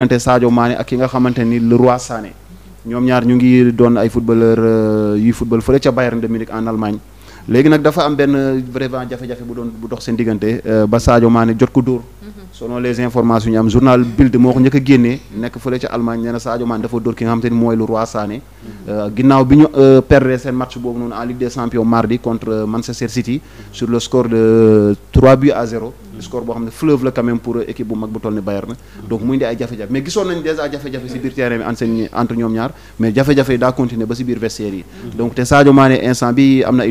diggante Sadio Mané ak ki nga xamante ni Leroy Sané ñoom ñaar ñu ngi doon ay footballeur euh, yuy football fële ca Bayern de Munich en Allemagne léegi nag dafa am benn vraiment jafe-jafe bu doon bu dox seen diggante euh, ba Sadio maane jot ko dóor mhm. selon les informations ñu am journal Bild moo ko njëkk a génnee nekk fële ca Allemagne nee na Sadio Mané dafa dóor ki nga xamante mooy mooy Leroy Sané mhm. euh, ginnaaw bi ñu perdre seen match boobu noonu en Ligue des Champions mardi contre Manchester City sur le score de 3 buts à score boo xam ne fleuve la quand même pour équipe bu mag bu toll ni Bayern na donc muy indi ay jafe-jafe mais gisoon nañ déjà jafe-jafe bi en seen entre ñoom ñaar mais jafe-jafe yi daa continuer ba si biir vestiaire bi am na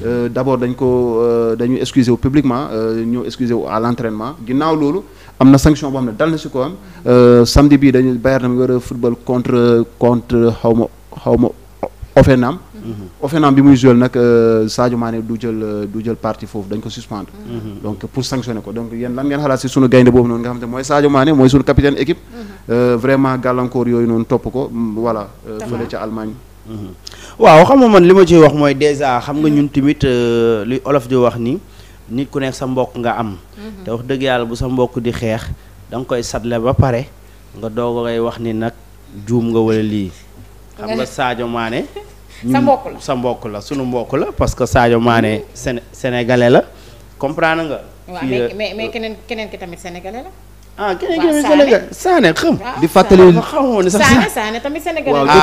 d' euh, abord dañ ko euh, dañu excuser wu publiquement euh, ñu excuser wu à l' entraînement am na sanction boo xam ne dal na si ko am samedi bii dañu Bayern na mi war a football contre contre xaw ma xaw ma Hoffenheim Offiana bi muy joué nag euh, Sadio maane du jël euh, du jël parti foofu dañ ko suspendre. Mhm. donc pour sanctionner ko donc yéen lan ngeen xalaat si sunu gaynde boobu noonu nga xam ne mooy Sadio mhm. euh, vraiment gàllankoor yooyu noonu topp ko voilà. fële mhm. waaw xam nga man li ma ciy wax mooy déjà xam nga ñun tamit li olof di wax ni nit ku sa mbokk nga am. wax dëgg yàlla bu sa mbokk di xeex da nga koy sadle ba pare nga doog ngay wax ni nag juum nga wala lii. nga Sadio Mané. sa mbokk la sa mbokk la sunu mbokk la parce que Sadio Mané Séné sénégalais la comprendre nga. fii la euh, ki tamit sénégalais la. ah xam. di fàttali xamoo ne sax Sané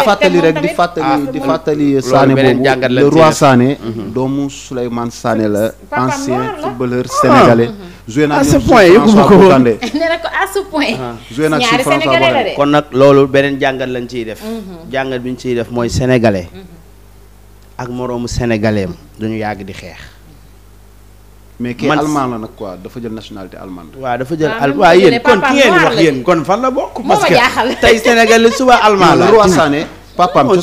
fàttali rek di fàttali di fàttali Sané boobu le roi Sané. Mhm. doomu Souleymane Sané la. ancien footballeur ah. sénégalais. joué naa à ce point yëguma ah. kon nag loolu beneen jàngat lañ ciy def. Mhm. jàngat bi ñu ciy def mooy sénégalais. Mhm. ak moroomu sénégalais am dañu yàgg di xeex. mais kii allemand la nag quoi dafa jël nationalité allemande. waaw dafa jël ah, al waaw yéen kon ki ngeen wax yéen kon fan la bokk. parce que tey sénégalais suba allemand la. Leroy oh,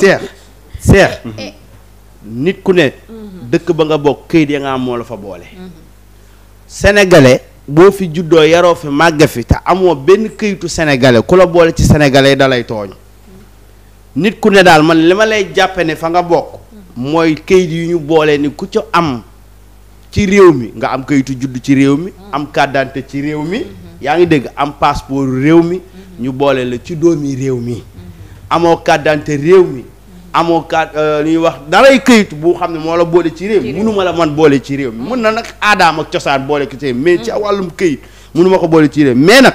seex seex mm-hmm. eh. nit ku ne. Mm-hmm. dëkk ba nga bokk këyit ya nga am moo la fa boole. Mm-hmm. sénégalais boo fi juddoo yaroo fi màgge fi te amoo benn këyitu sénégalais ku la boole ci sénégalais da lay tooñ. nit ku ne daal man li ma lay jàppe ne fa nga bokk mooy kayit yu ñu boolee ni ku ca am ci réew mi nga am kayitu judd ci réew mi mm-hmm. am carte ci réew mi yaa ngi dégg am passeport réew mi mm-hmm. ñu boole la ci doomi réew mi mm-hmm. amoo carte réew mi amoo carte euh, lu ñuy wax daray kayitu bu xam ne moo la boole ci réew mi mënuma la man boole ci réew mi mën na nag aadaam ak cosaan boole ko ci mais ci wàllum kayit mënuma ko boole ci réew mais nag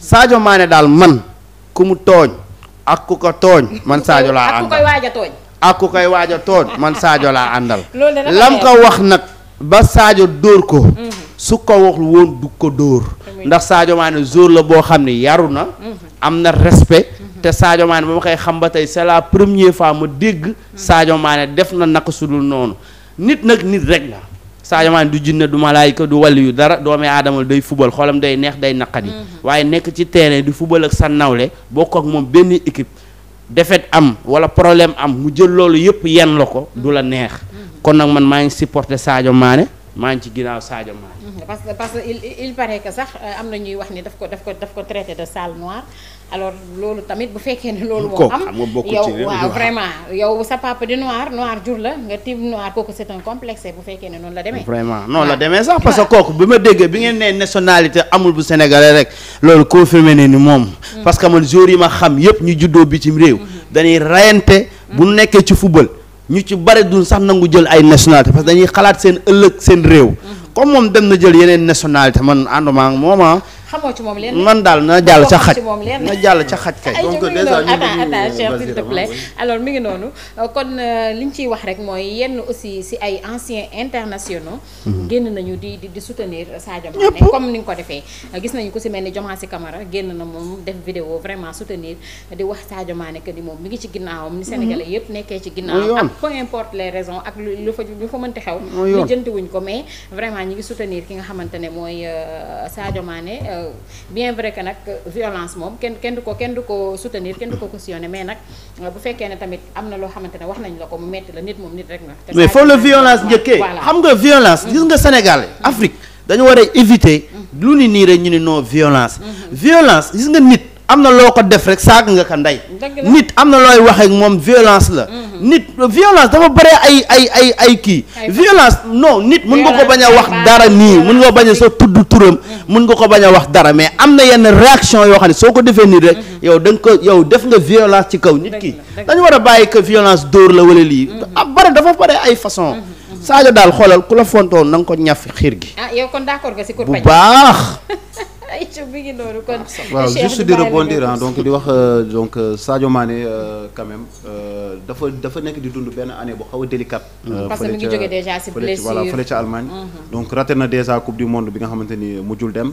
Sadio Mané daal man ku mu tooñ ak ku ko tooñ. man saajo laa àndal ak ku man Sadio laa àndal. lam ko wax nag ba Sadio dóor ko. Mhm. su ko wax woon du ko dóor. ndax Sadio Mané jour la boo xam ne yaru na. Mhm. am na respect. Mhm. te Sadio Mané ba ma koy xam ba tey c'est la première fois ma dégg. saajo maane def na naka su dul noonu. nit nag nit rek la. Sadio Mané du jinne du malaayika du waliyu dara doomi aadama day fubal xolam day neex day naqadi mm-hmm. waaye nekk ci terrain di fubal ak sa nawle bokk ak moom benn équipe defet am wala problème am mu jël loolu yëpp yenn la ko du la neex mm-hmm. kon nag man maa ngi supporter Sadio maane maa ngi ci ginnaaw Sadio Mané. Mhm, parce que parce que il il paraît que sax euh, am na ñuy wax ni daf ko daf ko daf ko traité de salle noire alors loolu tamit bu fekkee ne loolu. moo am yow waaw vraiment yow sa papa di noir noir jur la nga tiim noir kooku c'est un complexe bu fekkee ne noonu la demee. vraiment noonu la demee sax parce que kooku bi ma déggee bi ngeen nee nationalité amul bu sénégalee rek loolu confirmé ne ni moom. Mhm. parce que man joueurs yi ma xam yépp ñu juddoo bitim réew. Mhm. dañuy rayante bu nekkee ci football. ñu ci bare dul sax nangu jël ay nationalité parce dañuy xalaat seen ëllëg seen réew mm-hmm. comme moom dem na jël yeneen nationalité man ànduma ak moom ah. xamoo ci moom leen man daal na jàll ca xaj na jàll ca xaj kay. donc ngi mi ngi noonu kon euh, li ñu ciy wax rek mooy yenn aussi si ay anciens internationaux. Mhm. génn nañu di di soutenir Sadio Mané comme ni nga ko defee gis nañu ko si mel ni si Kamara génn na moom def vidéo vraiment soutenir di wax Sadio Mané que ni moom mu ngi ci ginnaawam ni mhm. Sénégalais yëpp nekkee ci ginnaawam ak peu importe les raisons ak lu fa lu fa mënti xew. ñu jëntiwuñ ko may vraiment ñu ngi soutenir ki nga xamante ne mooy euh, Sadio Mané euh, Euh, bien vrai que nag euh, violence moom kenn kenn du ko kenn ko soutenir kenn du ko cautionner mais nag euh, bu fekkee ne tamit am na loo xamante ne wax nañ la ko mu metti la nit moom nit rek na. mais foofu la violence njëkkee xam nga violence gis nga Sénégal mm-hmm. Afrique dañu war a mm-hmm. lu ni nii rek ñu ni non violence mm-hmm. violence gis nga nit am na loo ko def rek saag nga ko ndey nit am na looy wax ak moom violence la nit violence dafa bare ay ay ay ay kii violence no nit mun nga ko bañ a wax dara nii mun nga ko bañ a soo mm. mun nga ko bañ a wax dara mais am na yenn réaction yoo xam ne soo ko defee nit rek mm-hmm. yow da ko yow def nga violence ci kaw nit ki dañu war a bàyyi que violence dóor la wala lii mm-hmm. ah bare dafa bare ay façon mm-hmm. Sadio daal xoolal ku la fontoon na ko ñaf xiir gi ah yow kon bu baax Ah, waaw juste di rebondir ah, donc di wax euh, donc euh, Sadio Mané euh, quand même dafa dafa nekk di dund benn année bu xaw a délicate. parce que mi ca voilà ca Allemagne. Mhm. donc raté na déjà coupe du monde bi nga xamante ni mujjul dem.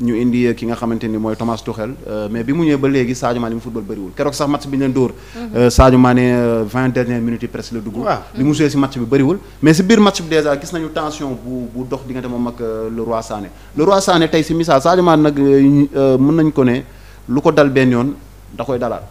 ñu indi ki nga xamante ni mooy Thomas Tuchel euh, mais bi mu ñëwee ba léegi Sadio Mané mu football bëriwul keroog sax match bi ñu leen dóor mhm. euh, euh, vingt dernières minutes presque la dugg li mu joué si match bi bëriwul mais si biir match bi déjà gis nañu tension bu bu dox diggante moom ak Leroy Sané Leroy Sané tey si misaal Sadio Mané nag mën nañ ko ne lu ko dal benn yoon da koy dalaat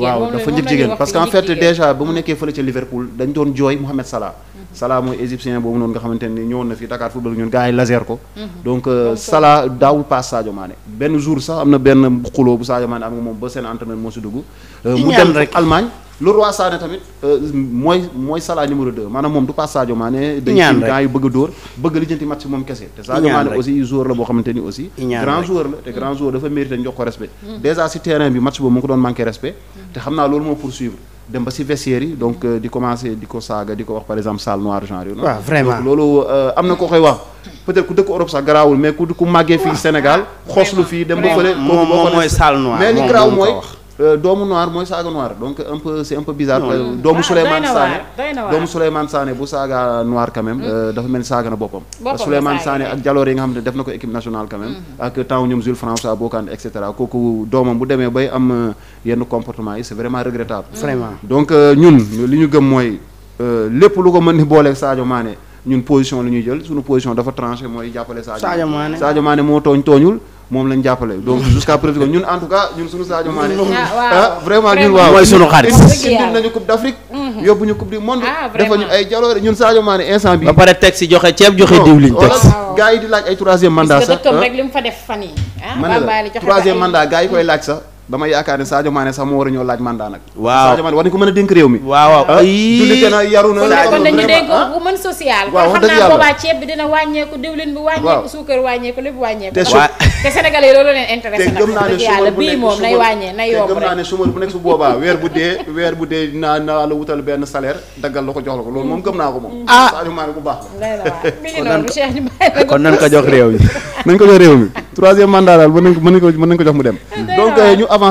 waaw dafa njëg jigéen parce que en fait déjà ba mu nekkee fële ca Liverpool dañ doon jooy Mohamed Salah mhm. Salah mooy égyptien boobu noonu nga xamante ne ñëwoon na fi Dakar football ñun gars yi laser ko mhm. euh, donc Salah daawul paas Sadio Mané benn jour sax am na benn xuloo bu Sadio Mané am nga moom ba seen entraîneur moo si dugg euh, mu dem rek Allemagne le roi Sané tamit euh, mooy mooy Salah numéro 2 maanaam moom du pas Sadio Mané. day ñaan rek yu bëgg a dóor bëgg a lijjanti match moom kese. te Sadio Mané aussi joueur la boo xamante ni aussi. grand joueur la te grand mm. joueur dafa mérité ñu ko respect. Mm. déjà ci terrain bi match boobu mu ko doon manqué respect. Mm. te xam naa loolu moo poursuivre. dem ba si vestiaire yi donc euh, di commencer di ko saaga di ko wax par exemple sale noir genre yooyu. loolu euh, am na koo koy wax. peut-être ku dëkk mais ku ku màggee fii Sénégal xoslu fii dem ba fële. moom moom mooy sale noir mais Euh, doomu noir mooy saaga noir donc un peu c'est un peu bizarre doomu ah, Souleymane Sané doomu Souleymane Sané bu saaga noir quand même hmm. euh, dafa mel ni saaga na boppam Souleymane Sané ak jaloor yi nga xam ne def na ko équipe nationale quand même hmm. ak temps ñoom Jules François Bocandé et kooku doomam bu demee bay am euh, yenn comportement yi c'est vraiment regrettable hmm. vraiment donc ñun li ñu gëm mooy lépp lu ko mën ni booleeg saajo maane ñun position lu ñuy jël suñu position dafa tranché mooy jàppale Sadio Mané Sadio Mané moo tooñ tooñul moom lañu jàppale donc jusqu'à preuve que ñun en tout cas ñun suñu Sadio ah, ah, vraiment ñun waaw mooy suñu xarit indil nañu coupe d'Afrique mhm. yóbbu ñu coupe du monde ah, dafa ñu ay jaloore ñun Sadio instant bi ba pare teg joxe ceeb joxe diwlin teg gars yi di laaj ay troisième mandat sax rek li mu yi koy laaj sax dama yaakaar ne Sadio Mané sax moo war a ñëw laaj mandat nag. waaw Sadio Mané war nañu ko mën a dénk réew mi. waaw waaw ah, jullite na yaru na. kon dañu dénk bu ah. mën waaw wax dëgg yàlla waaw su te sénégalais yi loolu leen intéressé nag. te gëm naa ne su boobaa weer bu dee weer bu dee naa naa wutal benn salaire daggal la ko jox la ko moom gëm naa ko moom. ah Sadio Mané bu baax kon nan ko jox réew mi nañ ko jox réew mi troisième mandat daal mën nañ ko mën nañ ko jox mu dem donc euh, ñu